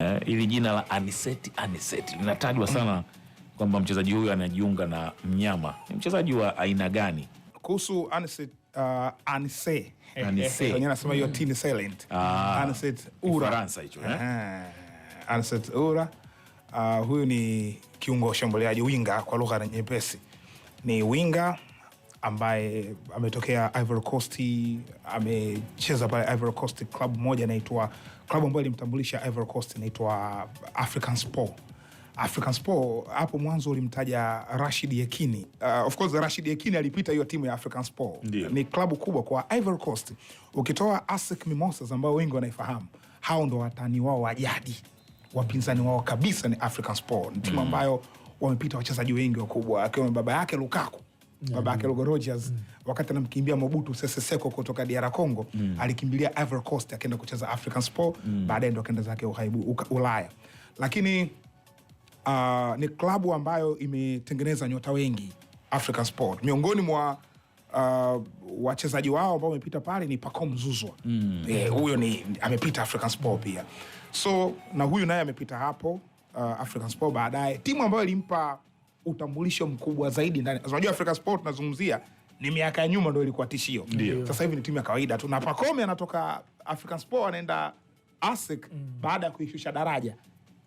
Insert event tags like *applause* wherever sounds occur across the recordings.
Eh, ili jina la Aniseti Aniseti linatajwa sana kwamba mchezaji huyu anajiunga na mnyama. Ni mchezaji wa aina gani? Kuhusu Aniseti uh, Anise Anise. Eh, eh, eh, anasema hiyo mm. ni silent. Ah, Aniseti Ura Faransa hicho eh? eh, Aniseti Ura uh, huyu ni kiungo shambuliaji winga, kwa lugha nyepesi ni winga ambaye ametokea Ivory Coast, amecheza pale Ivory Coast club moja inaitwa club ambayo ilimtambulisha Ivory Coast inaitwa African Sport. African Sport hapo mwanzo ulimtaja Rashid Yekini. Uh, of course Rashid Yekini alipita hiyo timu ya African Sport. Ni klabu kubwa kwa Ivory Coast. Ukitoa ASEC Mimosas ambao wengi wanaifahamu, hao ndo watani wao wa jadi. Wapinzani wao kabisa ni African Sport, timu mm. ambayo wamepita wachezaji wengi wakubwa akiwemo baba yake Lukaku baba yake Logo Rogers mm. wakati anamkimbia Mobutu Sese Seko kutoka DR Congo mm. alikimbilia Ivory Coast akaenda kucheza African Sport mm. baadaye ndo akaenda zake uhaibu Ulaya, lakini uh, ni klabu ambayo imetengeneza nyota wengi African Sport. Miongoni mwa uh, wachezaji wao ambao wamepita pale ni Pacome Zouzoua mm. eh, huyo ni amepita African Sport pia, so na huyu naye amepita hapo uh, African Sport baadaye, timu ambayo ilimpa utambulisho mkubwa zaidi ndani. Unajua Africa Sport nazungumzia ni miaka ya nyuma ndio ilikuwa tishio. Sasa hivi ni timu ya kawaida tu, na Pacome anatoka African Sport anaenda ASEC mm. baada ya kuishusha daraja,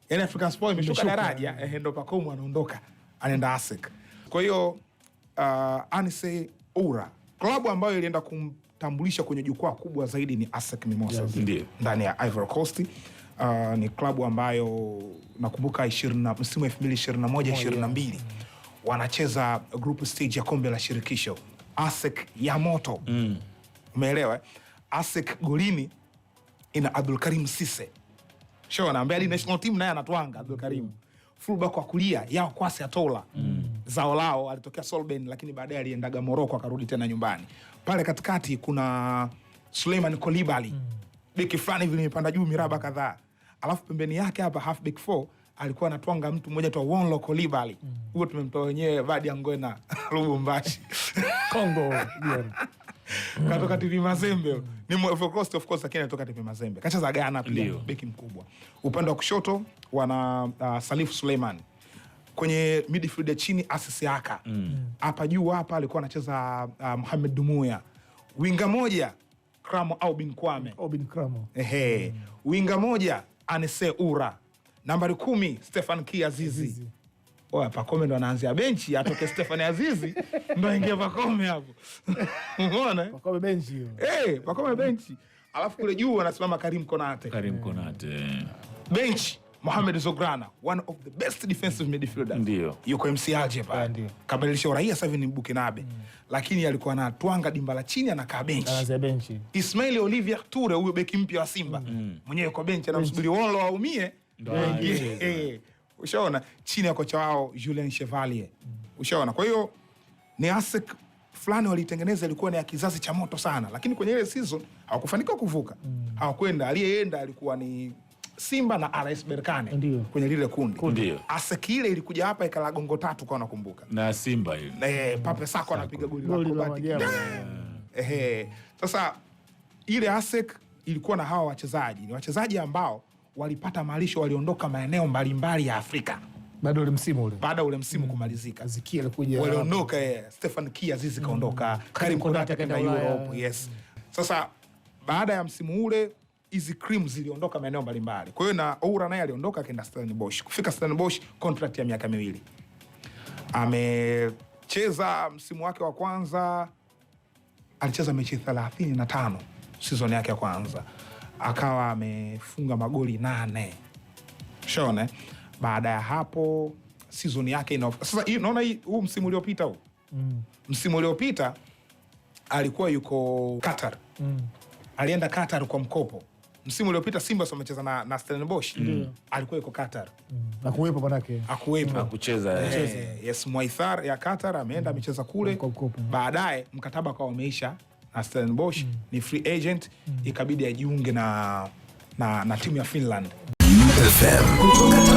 yaani Africa Sport imeshuka daraja ehe, ndo Pacome anaondoka anaenda ASEC. Kwa hiyo uh, Anise Ura klabu ambayo ilienda kumtambulisha kwenye jukwaa kubwa zaidi ni ASEC Mimosas ndani ya Ivory Coast uh, ni klabu ambayo nakumbuka msimu elfu ishirini ishirini na moja na mbili wanacheza group stage ya kombe la shirikisho ASEC ya moto mm. Umeelewa? Eh? ASEC golini ina Abdulkarim Sise shona ambaye national team naye anatwanga Abdulkarim fulbak wa kulia yao Kwasi Atola mm. zao lao alitokea Solben, lakini baadaye aliendaga moroko akarudi tena nyumbani. Pale katikati kuna Suleiman Kolibali mm. beki fulani vilimepanda juu miraba kadhaa alafu pembeni yake hapa half back four alikuwa anatwanga mtu mmoja tu Wonlo Kolibali mm. huyo, mm. tumemtoa wenyewe Vadi Angwena *laughs* Lubumbashi *laughs* Kongo *laughs* katoka TV Mazembe mm. ni of course of course, lakini anatoka TV Mazembe, kacheza Ghana pia, beki mkubwa. Upande wa kushoto wana uh, Salif Suleiman kwenye midfield ya chini Asisi Aka mm. hapa mm. juu hapa alikuwa anacheza uh, Mohamed Dumuya, winga moja Kramo au Bin Kwame au Bin Kramo, ehe, winga moja Anise Ura. Nambari kumi Stefan Ki Azizi. Oya, Pakome ndo anaanzia benchi, atoke Stefan Azizi ndo aingie Pakome hapo *laughs* umeona? Eh? Pakome benchi hey, eh, Pakome benchi alafu kule juu anasimama Karim Konate, Karim Konate benchi Mohamed Zograna, one of the best defensive midfielders. Ndio. Yuko MC MCAJ pale. Ndio. Kabadilisha uraia sasa hivi ni Burkinabe. Mm. Lakini alikuwa anatwanga dimba la chini anakaa benchi. Anaza benchi. Ismail Olivia Ture huyo beki mpya wa Simba. Mm. Mwenyewe yuko benchi anamsubiri Wolo aumie. Ndio. Ushaona chini ya kocha wao Julien Chevalier. Mm. Ushaona. Kwa hiyo ni ASEC fulani walitengeneza ilikuwa ni ya kizazi cha moto sana, lakini kwenye ile season hawakufanikiwa kuvuka. Mm. Hawakwenda, aliyeenda alikuwa ni Simba na RS Berkane Ndiyo. kwenye lile kundi Ndiyo. Aseki ile ilikuja hapa ikala gongo tatu kwa nakumbuka na Simba ile eh, Pape Sako anapiga goli la kubati eh. ehe. Sasa ile Asek ilikuwa na hawa wachezaji, ni wachezaji ambao walipata malisho, waliondoka maeneo mbalimbali ya Afrika baada ule msimu ule baada ule msimu mm. kumalizika, Zikia alikuja waliondoka, yeah. Stefan Kia zizi kaondoka, mm. Karim Konate kaenda Europe, yes. mm. Sasa baada ya msimu ule hizi cream ziliondoka maeneo mbalimbali. Kwa hiyo na Oura naye aliondoka akaenda Stellenbosch. Kufika Stellenbosch contract ya miaka miwili. Amecheza msimu wake wa kwanza alicheza mechi 35 season yake ya kwanza. Akawa amefunga magoli nane. Shona. Baada ya hapo season yake ina sasa hii unaona hii huu msimu uliopita huu. Mm. Msimu uliopita alikuwa yuko Qatar. Mm. Alienda Qatar kwa mkopo msimu uliopita Simba wamecheza na, na Stellenbosch mm. alikuwa yuko Qatar mm. akuwepo manake akuwepo akucheza eh. eh, yes Mwaithar ya Qatar ameenda amecheza mm. kule, baadaye mkataba kwa umeisha na Stellenbosch mm. ni free agent mm. ikabidi ajiunge na, na, na timu ya Finland FM.